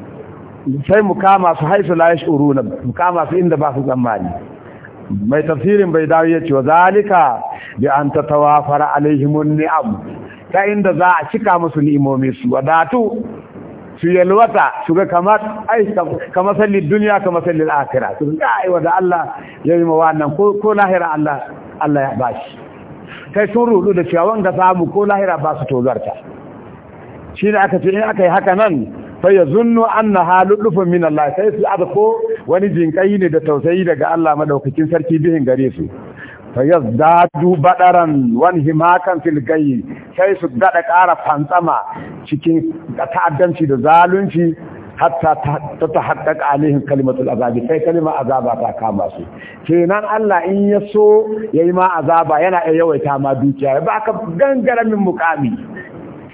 sai mu kama su haisu la yashuru na mu kama su inda ba su tsammani mai tafsirin bai dawo ya ce wa zalika bi an tawafara alaihimun ni'am ta inda za a cika musu ni'imomi su wadatu su yalwata su ga kamar ai kamar sallin duniya kamar sallin akira su ga ai wanda Allah ya yi mawa nan ko ko lahira Allah Allah ya bashi kai sun rudu da cewa wanda samu ko lahira ba su tozarta shi da aka ce in aka yi haka nan fa yazunnu anna halulufun min Allah sai su aka ko wani jinkai ne da tausayi daga Allah madaukakin sarki bihin gare su fayazdadu badaran wan himakan fil gayyi sai su dada kara fantsama cikin ta'addanci da zalunci hatta ta tahaqqaqa alaihim kalimatul azab sai kalima azaba ta kama su kenan Allah in ya so yayi ma azaba yana yawaita ma dukiya Ba gangara gangaramin mukami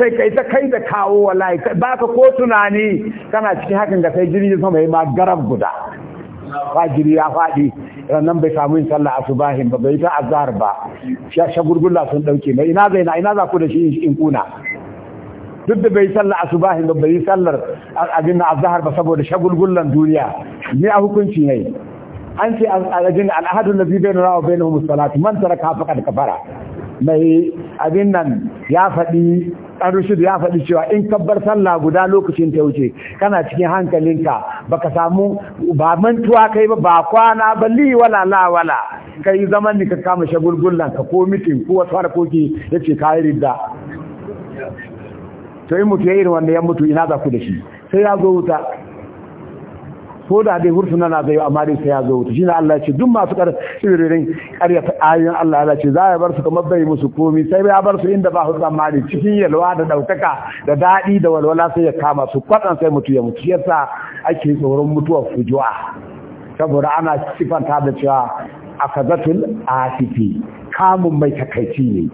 sai kai ta kai da kawo wallahi baka ko tunani kana cikin hakan da sai jirgin sama yayi ma garab guda fajiri ya fadi ranan bai samu yin sallah asubahin ba bai ta azhar ba sha shagulgula sun dauke mai ina zai na ina za ku da shi in kuna duk da bai sallah asubahin ba bai sallar abin azhar ba saboda shagulgullan duniya ni a hukunci ne an ce al'adun al'ahadu allazi bainana wa bainahum as-salatu man taraka faqad kafara mai abin nan ya faɗi ɗan ya faɗi cewa in kabbar sallah guda lokacin ta wuce kana cikin hankalinka baka samu ba mantuwa kai ba kwana ba li wala la wala kai zaman ni ka kama shagulgullan ka ko mitin ko wasu harkoki yace ka yi ridda to in mutu ya irin wanda ya mutu ina za ku da shi sai ya zo wuta ko da dai hursuna na zai amma dai sai ya zo shi Allah ya ce duk masu kar ƙarya ta ayoyin Allah ya ce za ya bar su kamar bai musu komi sai ya bar su inda ba su ne cikin yalwa da ɗaukaka da daɗi da walwala sai ya kama su kwatsan sai mutu ya mutu yasa ake tsoron mutuwar fujua saboda ana sifanta da cewa a akazatul asifi kamun mai takaici ne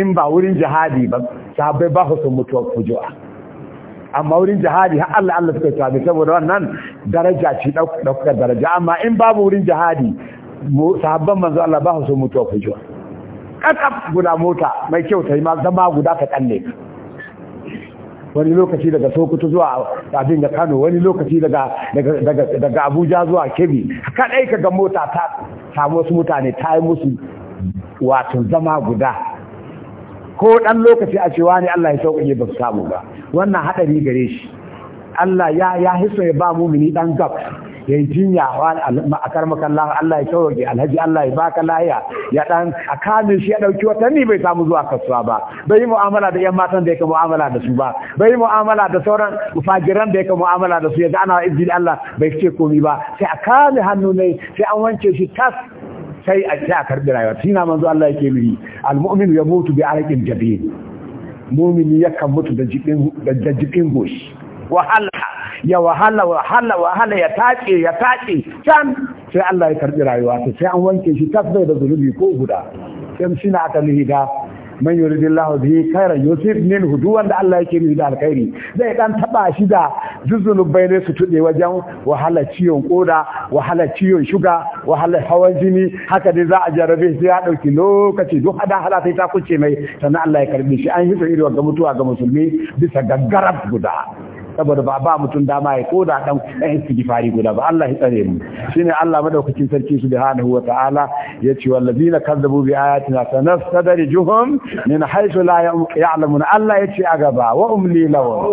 in ba wurin jihadi ba sabai ba su mutuwar fujua amma wurin jihadi har Allah Allah suka tabi saboda wannan daraja ce ɗaukar daraja amma in babu wurin jihadi sahabban manzo Allah ba su mutuwa jiwa kakab guda mota mai kyau ta yi ma zama guda ta kanne wani lokaci daga sokoto zuwa abin da kano wani lokaci daga abuja zuwa kebbi kadai ga mota ta samu wasu mutane ta yi musu wato zama guda ko dan lokaci a cewa ne allah ya sauƙaƙe ba su samu ba wannan haɗari gare shi Allah ya ya hiso ya ba mumini ɗan gab ya yi jinya a karmakan Allah Allah ya shawarge alhaji Allah ya baka laya ya ɗan. a kamin shi ya ɗauki watanni bai samu zuwa kasuwa ba bai yi mu'amala da yan matan da ya ka mu'amala da su ba bai yi mu'amala da sauran fajiran da ya ka mu'amala da su ya ga wa izini Allah bai ce komi ba sai a kame hannu ne sai an wance shi tas sai a karɓi rayuwa shi na manzo Allah yake miri al-mu'min yamutu bi arqin jabin mumini yakan mutu da jikin goshi wahala ya wahala wahala wahala ya taƙe ya taƙe can sai Allah ya karɓi rayuwa sai an wanke shi tasbai da zulubi ko guda sai shi na aka lihida man yuridillahu bihi khairan yusib nin hudu wanda Allah yake nufi da alkhairi zai dan taba shi da bai ne su tude wajen wahala ciyon koda wahala ciyon shuga wahala hawan jini haka dai za a jarabe sai ya dauki lokaci duk hada hala sai ta kuce mai sannan Allah ya karbi shi an yi ido ga mutuwa ga musulmi bisa gaggarab guda saboda ba ba mutum dama ya ko da dan ɗan istighfari guda ba Allah ya tsare mu shine Allah madaukakin sarki subhanahu wa ta'ala yace wallazina kazzabu bi ayatina sanastadrijuhum min haythu la ya'lamun Allah yace a gaba wa umli lahum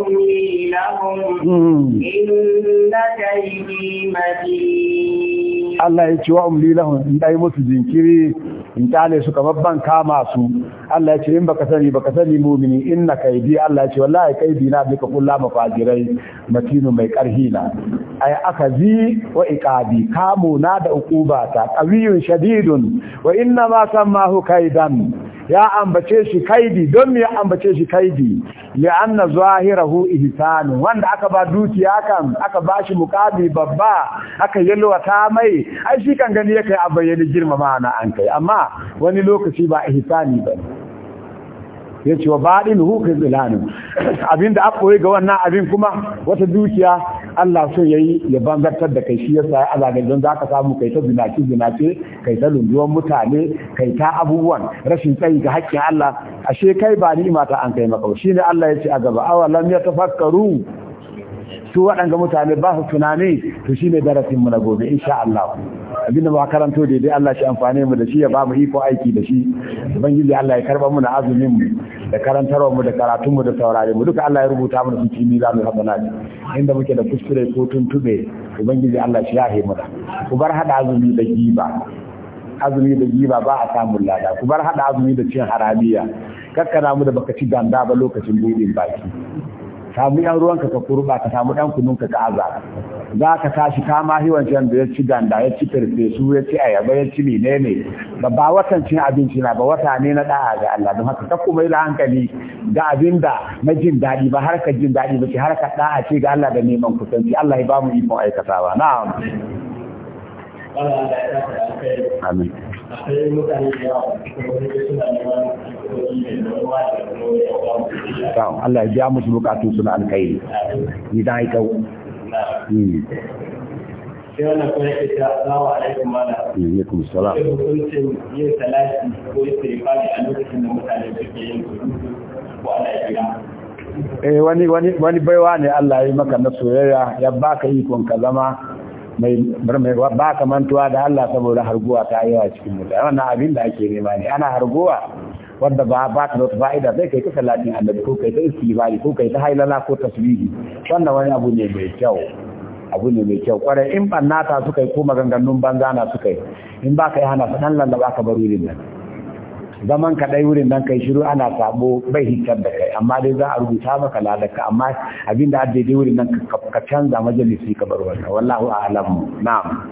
Allah yace wa umli lahum in dai musu jinkiri in tale su kamar ban kama su Allah yace in baka sani baka sani mu'mini inna kaidi Allah yace wallahi kaidi na bika kullama fajir kafirai matinu mai ƙarhi na ai aka zi wa iqabi kamu na da ta qawiyun shadidun wa inna ma sammahu kaidan ya ambace shi kaidi don me ya ambace shi kaidi li'anna zahirahu ihsan wanda aka ba dukiya kan aka ba shi mukabi babba aka yalwata mai ai shi kan gani yake a bayyana girmama na an kai amma wani lokaci ba ihsani ba. ya ce wa baɗin hukun ilanin Abin da akwai ga wannan abin kuma wata dukiya Allah so yayi ya bangartar da kai shi ya sa a don za ka samu kai ta zinace zinace kai ta lunduwan mutane kai ta abubuwan rashin tsayi ga haƙƙin Allah ashe kai ba ni mata an kai maka shi ne Allah ya ce a gaba awalam ya tafakkaru su waɗanga mutane ba su tunani to shine darasin mu na gobe insha Allah da ba karanto daidai Allah shi amfane mu da shi ya ba mu iko aiki da shi ubangiji Allah ya karba mu da azumin mu da karantarwa mu da karatun mu da saurare mu duka Allah ya rubuta mu cikin mizanul rabbana inda muke da kuskure ko tuntube ubangiji Allah shi ya mu da ku bar hada azumi da giba azumi da giba ba a samun lada ku bar hada azumi da cin haramiya kakkana mu da baka ci ganda ba lokacin budin baki samu yan ruwanka ka kurba ka samu dan kunun ka aza za ka tashi ka ma hiwan can da ya ci ganda ya ci su ya ci ayaba ya ci menene ba ba watan cin abinci na ba wata ne na da'a ga Allah don haka ka kuma yi hankali ga abin da na jin daɗi ba har ka jin daɗi ba ce har ka da'a ce ga Allah da neman kusanci Allah ya ba mu ikon aikatawa na'am Amin. Akwai mutane da yawa, kuma suna neman alkoholi da ruwa da Allah ya biya musu bukatu suna na alkhairi idan ya kau hmm. hmm, eh, wani baiwa ne Allah ya maka na soyayya ya baka ikon ka zama mai mai baka mantuwa da Allah saboda harguwa ta yawa cikin mutane wannan abin da ake nema ne ana harguwa wanda ba ba ta wata fa'ida zai kai ta salatin annabi ko kai ta istibali ko kai ta hailala ko tasbihi wannan wani abu ne mai kyau abu ne mai kyau kwarai in bannata suka yi ko maganganun banza na suka yi in ba ka yi hana sanan lallaba ka bar wurin nan zaman ka dai wurin nan kai shiru ana sabo bai hitar da kai amma dai za a rubuta maka lalaka. amma abinda addai wurin nan ka canza majalisi ka bar wannan wallahu a'lamu na'am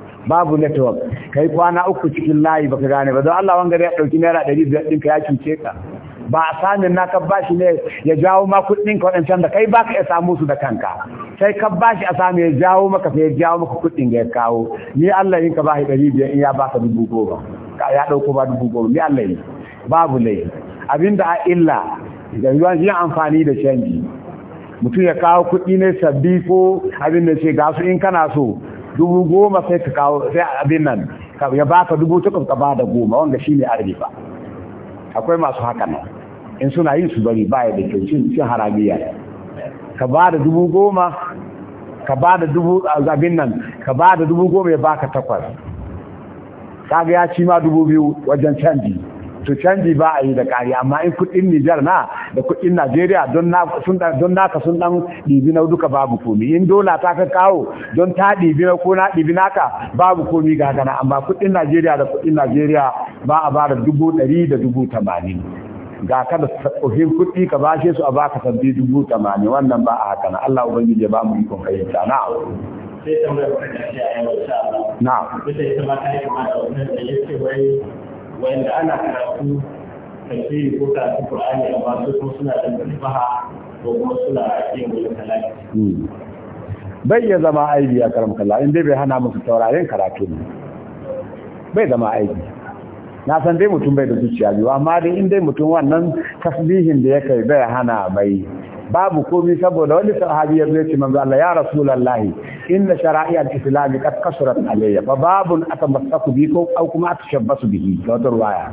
babu network kai kwana uku cikin layi baka gane ba don Allah wanga da ya dauki naira 500 ka ya cuce ka ba a samin na bashi ne ya jawo ma kuɗin ka waɗancan da kai baka ya samu su da kanka sai ka bashi a samu ya jawo maka sai ya jawo maka kuɗin ya kawo ni Allah yin ka bashi ɗari biyar in ya baka dubu goma ya ɗauko ba dubu goma ni Allah yi babu lai abinda a illa da yin amfani da canji mutum ya kawo kuɗi ne sabbi ko abin da ce ga su in kana so dubu goma sai ka kawo sai abin nan ya ba ka dubu takwas ka ba da goma wanda shine ba akwai masu haka nan in suna yin su bari ya da kyau cin cin harabiya ka da dubu goma ka da dubu abin nan ka da dubu goma ya ka takwas kaga ya ci ma dubu biyu wajen canji to canji ba a yi da ƙari amma in kuɗin Nijar na da kuɗin Najeriya don naka sun dan ɗibi na duka babu komi in dola ta ka kawo don ta ɗibi na ko ɗibi naka babu komi ga gana amma kuɗin Najeriya da kuɗin Najeriya ba a ba da dubu ɗari da dubu tamanin ga kada tsohin kuɗi ka bashe su a baka sabbi dubu tamanin wannan ba a haka na Allah Ubangiji ya ba mu ikon fahimta na wai wanda ana karatu tafsiri ko karatu Qur'ani amma su kuma suna da fasaha ko kuma suna yin wani kalami hmm. bai ya zama aibi a karam kallon in dai bai hana musu taurarin karatu ne bai zama aibi na san dai mutum bai da zuciya biyu amma dai in dai mutum wannan tasbihin da ya kai bai hana mai babu komai saboda wani sahabi ya zai ce manzo Allah ya rasulullahi inna shara'i al-islam kat kasurat alayya babun atamassaku bikum aw kuma atashabbasu bihi ga wata ruwaya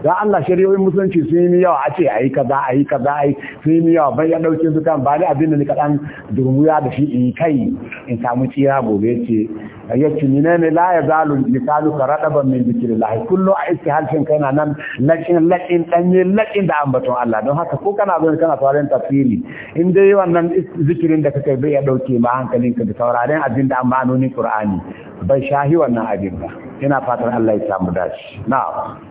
dan Allah shari'o'in musulunci sun yi yawa a ce a ayi kaza yi kaza yi sun yi yawa bai ya dauke su kan ba ni abin da ni kaɗan durmuya da shi in kai in samu tsira gobe ce yace ni ne la ya zalu lisalu mai min zikrillah kullu a iske halshen kai na nan laƙin laƙin ɗanye laƙin da ambaton Allah don haka ko kana zo kana tsawarin tafsiri in dai wannan zikirin da kake bai ya dauke ma hankalinka da sauraron abin da amanonin ƙur'ani bai shahi wannan abin ba ina fatan Allah ya samu dashi na'am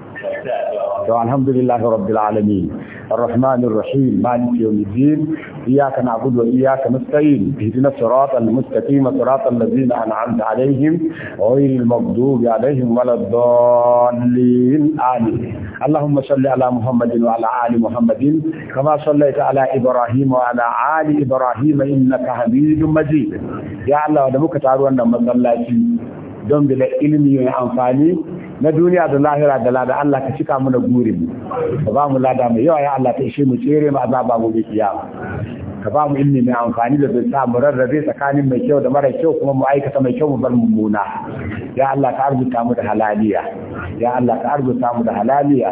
الحمد لله رب العالمين الرحمن الرحيم مالك يوم الدين إياك نعبد وإياك نستعين اهدنا الصراط المستقيم صراط الذين أنعمت عليهم غير المغضوب عليهم ولا الضالين آمين اللهم صل على محمد وعلى آل محمد كما صليت على إبراهيم وعلى آل إبراهيم إنك حميد مجيد يا الله da تعالوا taru مصلاتي دون بلا bila ilimi na duniya da lahira da lada Allah ka cika mana gurin ka ba mu lada mai yawa ya Allah ta ishe mu tsere mu azaba mu bi kiyama ka ba mu ilmi mai amfani da zai sa mu rarrabe tsakanin mai kyau da mara kyau kuma mu aikata mai kyau mu bar mummuna ya Allah ka arzuta mu da halaliya ya Allah ka arzuta mu da halaliya